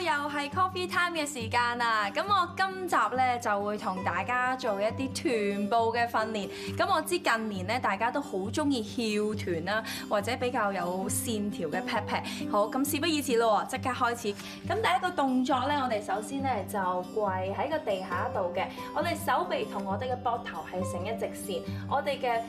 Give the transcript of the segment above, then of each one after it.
又係 coffee time 嘅時間啦，咁我今集咧就會同大家做一啲臀部嘅訓練。咁我知近年咧大家都好中意翹臀啦，或者比較有線條嘅 pat pat。好，咁事不宜遲咯，即刻開始。咁第一個動作咧，我哋首先咧就跪喺個地下度嘅，我哋手臂同我哋嘅膊頭係成一直線，我哋嘅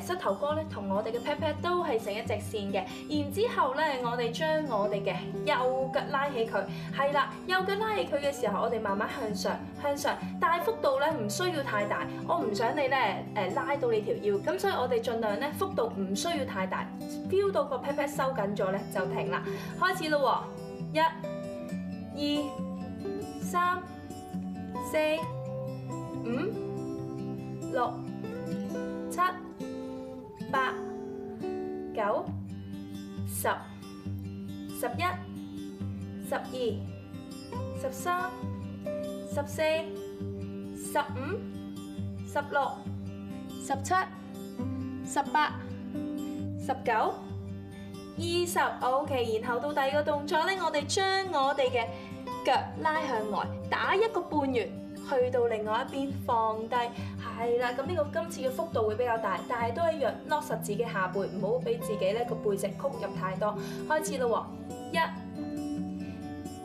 誒膝頭哥咧同我哋嘅 pat pat 都係成一直線嘅。然之後咧，我哋將我哋嘅右腳拉起佢。係啦，右腳拉起佢嘅時候，我哋慢慢向上向上，但係幅度咧唔需要太大，我唔想你咧誒拉到你條腰，咁所以我哋儘量咧幅度唔需要太大，feel 到個 pat pat 收緊咗咧就停啦，開始咯，一、二、三、四、五、六、七、八、九、十、十一。十二、十三、十四、十五、十六、十七、十八、十九、二十。OK，然後到第二個動作咧，我哋將我哋嘅腳拉向外，打一個半月，去到另外一邊放低。係啦，咁呢個今次嘅幅度會比較大，但係都一樣落實自己下背，唔好俾自己咧個背脊曲，曲入太多。開始啦，一。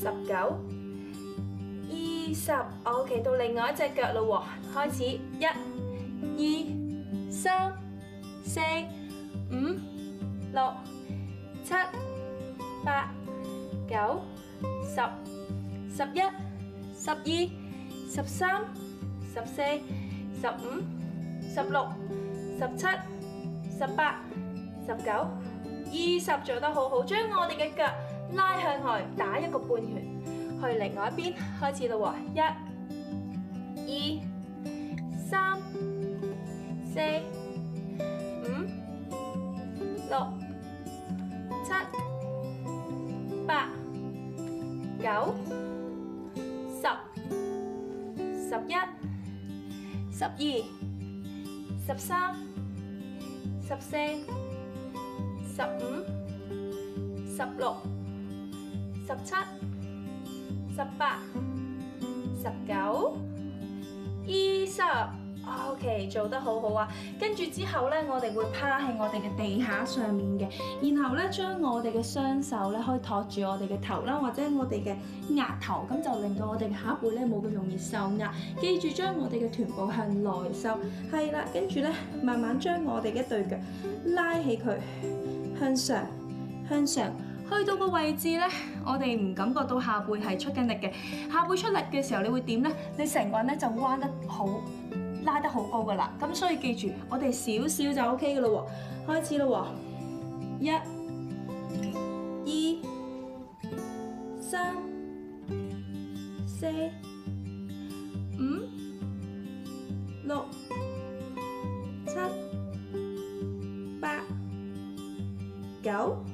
十九、二十，我企到另外一隻腳嘞喎，開始一、二、三、四、五、六、七、八、九、十、十一、十二、十三、十四、十五、十六、十七、十八、十九、二十，做得好好，將我哋嘅腳。拉向外，打一個半圈，去另外一邊開始啦喎，一、二、三、四、五、六、七、八、九、十、十一、十二、十三、十四、十五、十六。十七、十八、十九、二十，OK，做得好好啊！跟住之後咧，我哋會趴喺我哋嘅地下上，上面嘅，然後咧將我哋嘅雙手咧可以托住我哋嘅頭啦，或者我哋嘅額頭，咁就令到我哋嘅下背咧冇咁容易受壓。記住將我哋嘅臀部向內收，係啦，跟住咧慢慢將我哋嘅對腳拉起佢向上，向上。去到個位置咧，我哋唔感覺到下背係出緊力嘅，下背出力嘅時候，你會點咧？你成個人咧就彎得好，拉得好高噶啦。咁所以記住，我哋少少就 OK 嘅咯喎，開始咯喎，一、二、三、四、五、六、七、八、九。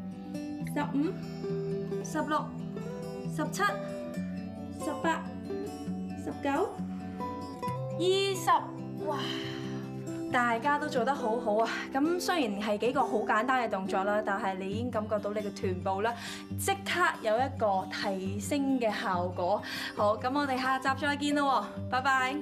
十五、十六、十七、十八、十九、二十，哇！大家都做得好好啊！咁雖然係幾個好簡單嘅動作啦，但係你已經感覺到你嘅臀部啦，即刻有一個提升嘅效果。好，咁我哋下集再見咯，拜拜。